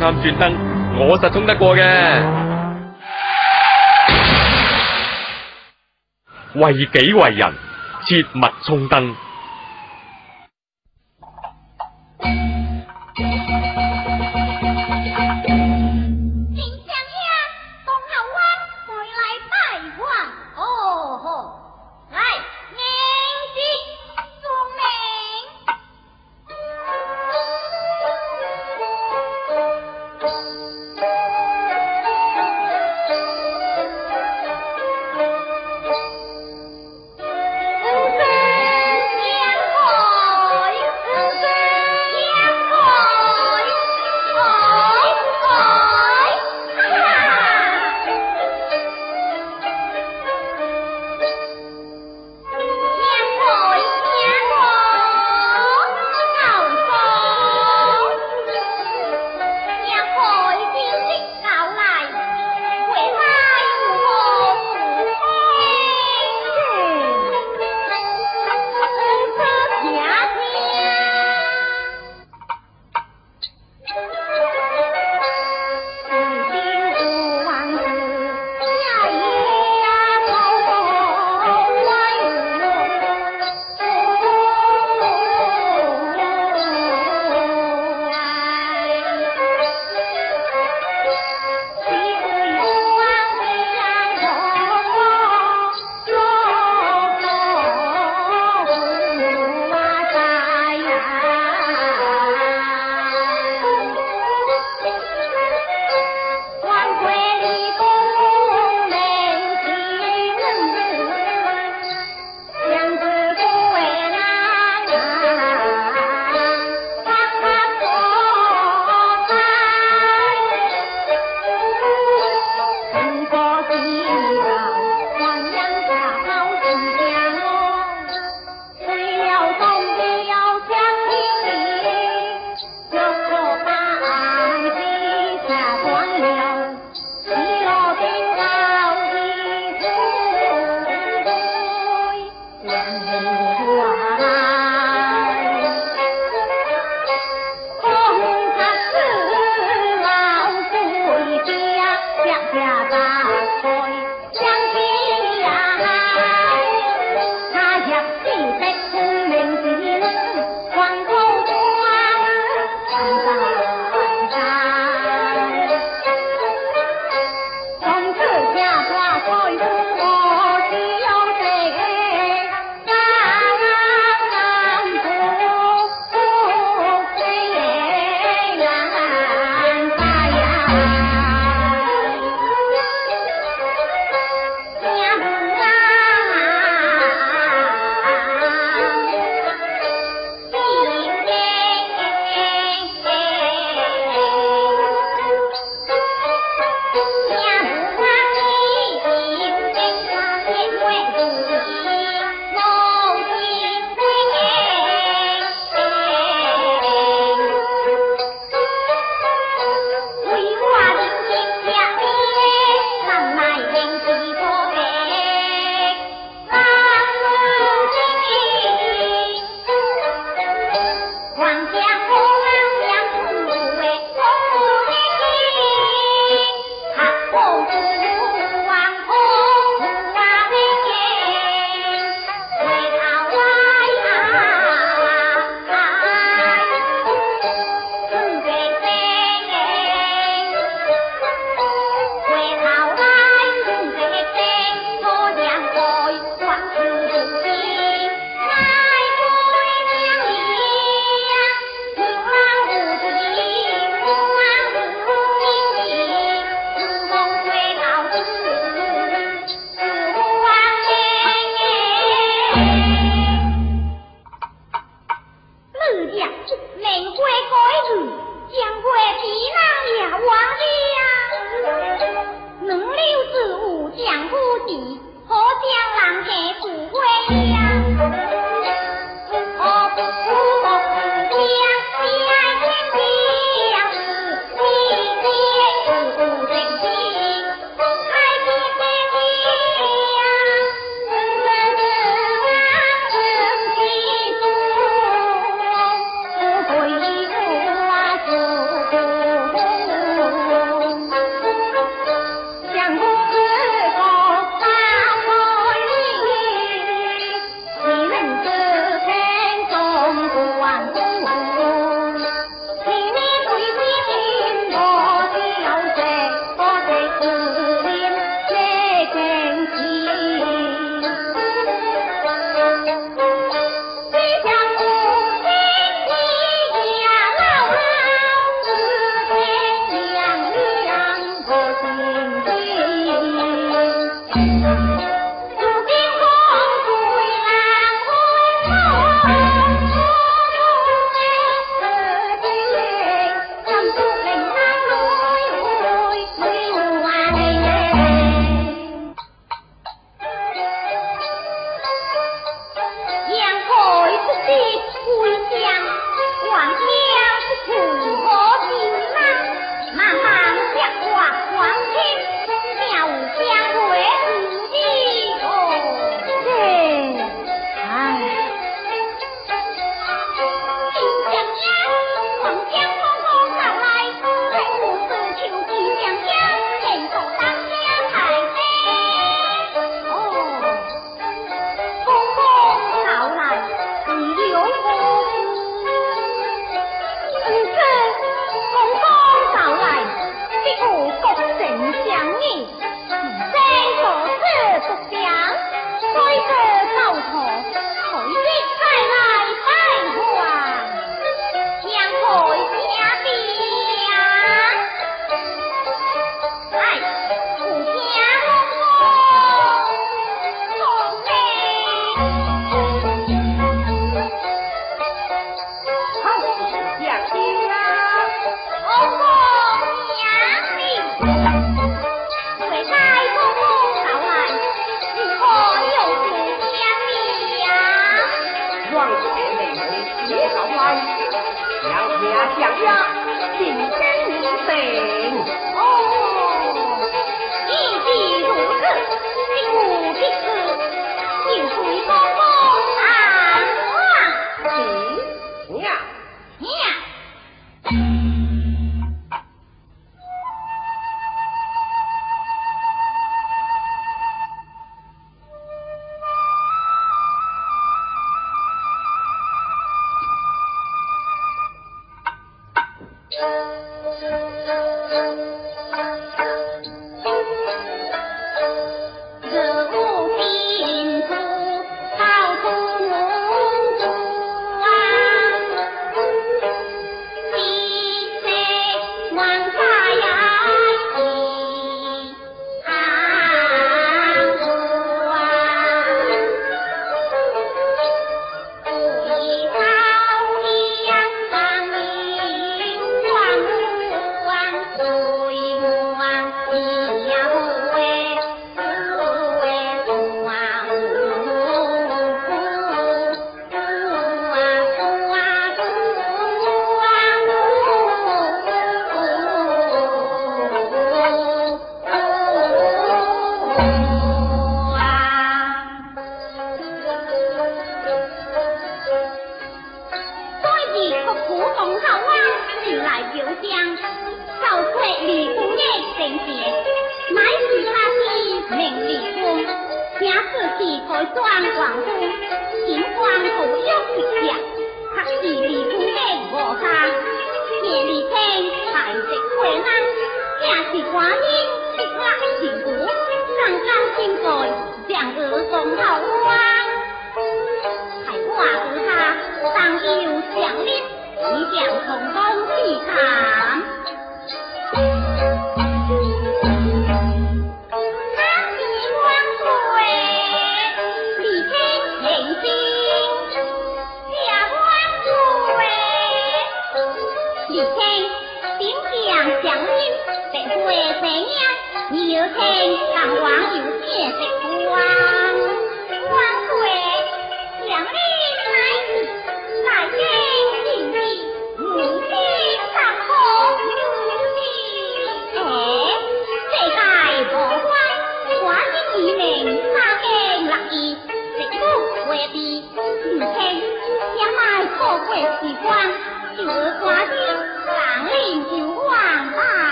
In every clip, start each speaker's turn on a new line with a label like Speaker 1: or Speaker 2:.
Speaker 1: 啱轉燈，我實衝得過嘅。為己為人，切勿衝燈。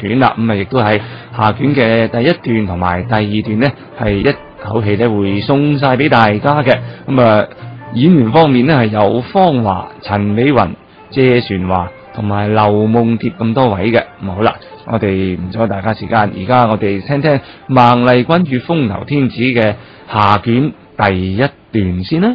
Speaker 1: 卷啦，咁啊，亦都係下卷嘅第一段同埋第二段呢，係一口氣咧會送晒俾大家嘅。咁啊，演員方面呢，係有方華、陳美云、謝璇華同埋劉夢蝶咁多位嘅。咁好啦，我哋唔阻大家時間，而家我哋聽聽《孟麗君與風流天子》嘅下卷第一段先啦。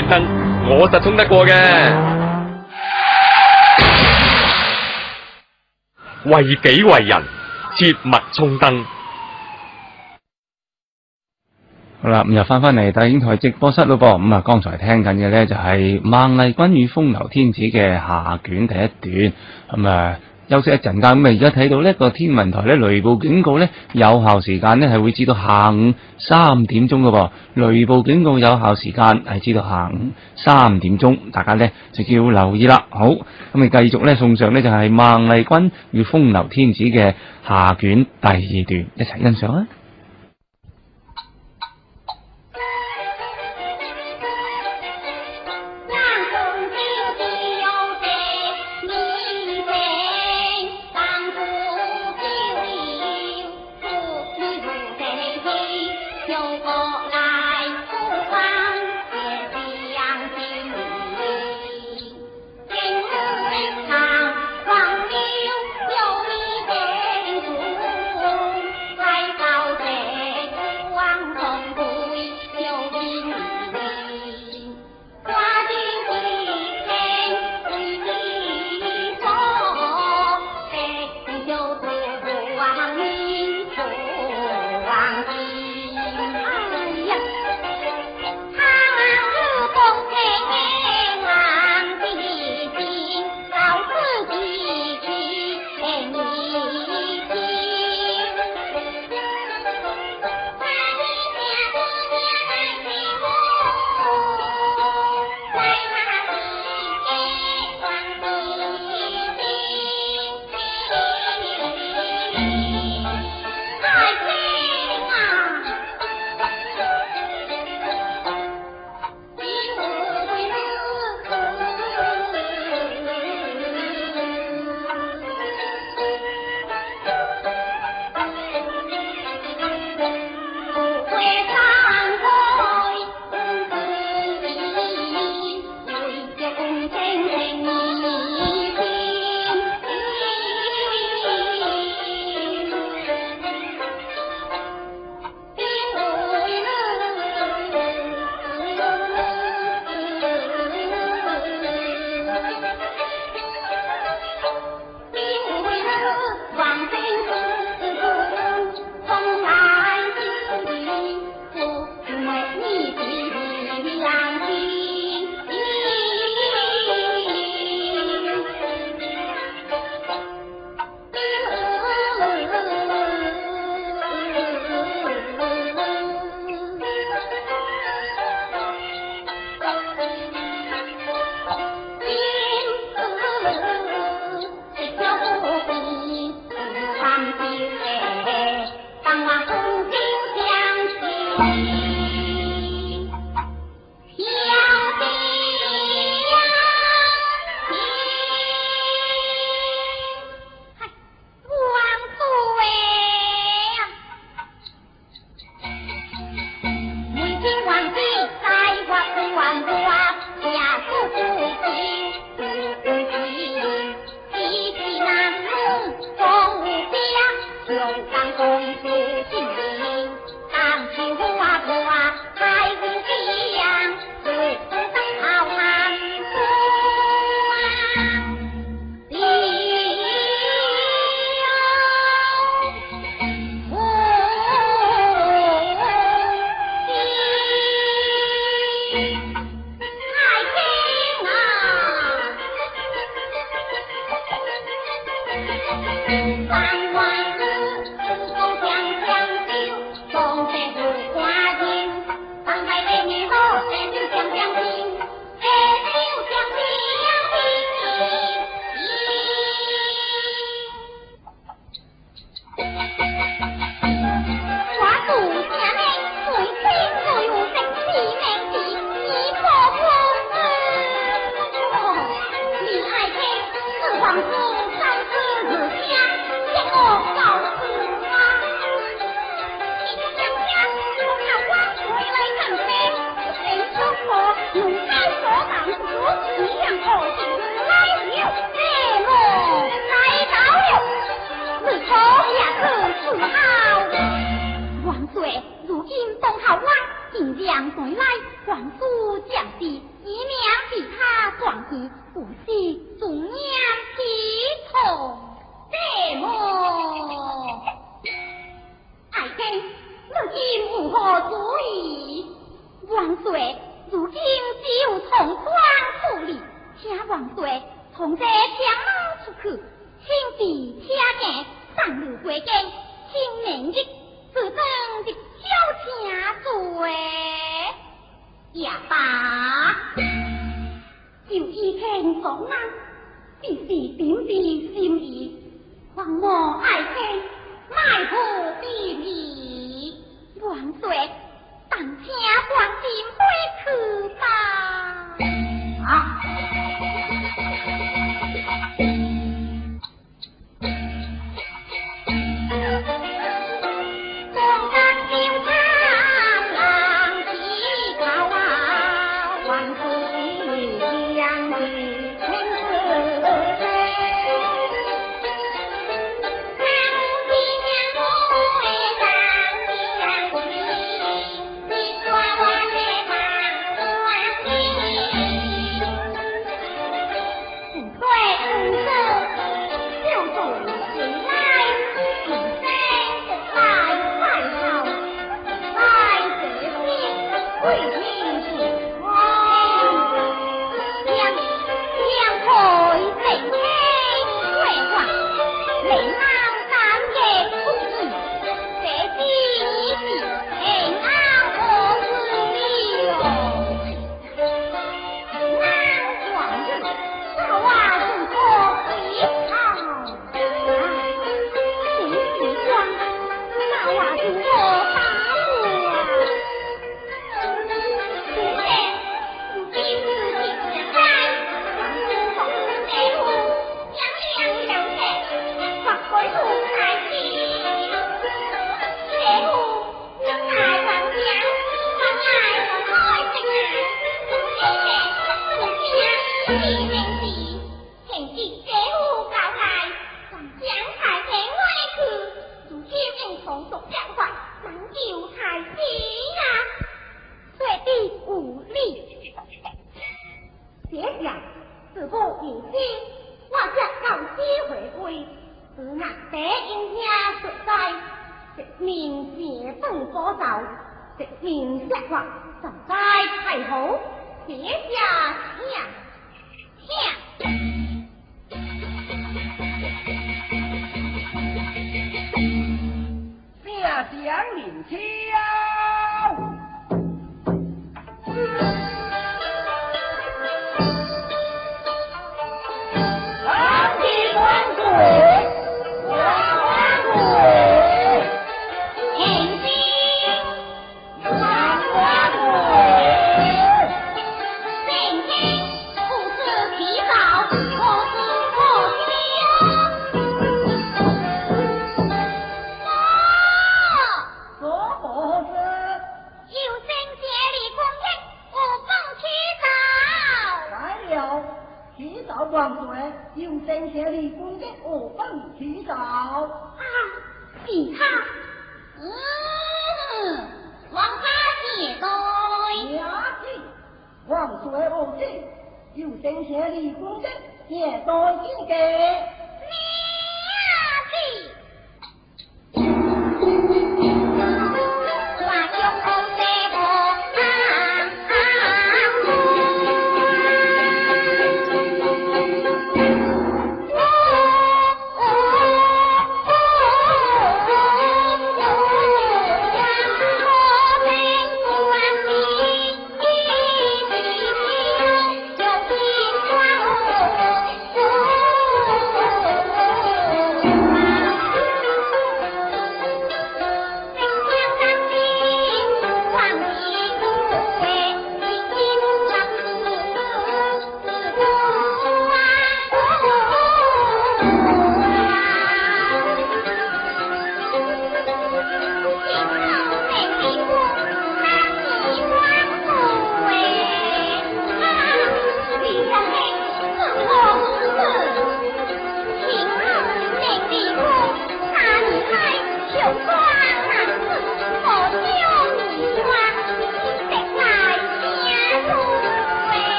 Speaker 1: 燈，我實衝得過嘅。為己為人，切勿衝燈。好啦，咁又翻返嚟大英台直播室咯噃。咁啊，剛、嗯、才聽緊嘅咧就係、是《孟麗君與風流天子》嘅下卷第一段。咁、嗯、啊。嗯休息一陣間，咁啊！而家睇到呢個天文台咧雷暴警告咧有效時間咧係會至到下午三點鐘㗎噃，雷暴警告有效時間係至到下午三點鐘，大家咧就要留意啦。好，咁你繼續咧送上呢就係孟麗君與風流天子嘅下卷第二段，一齊欣賞啦。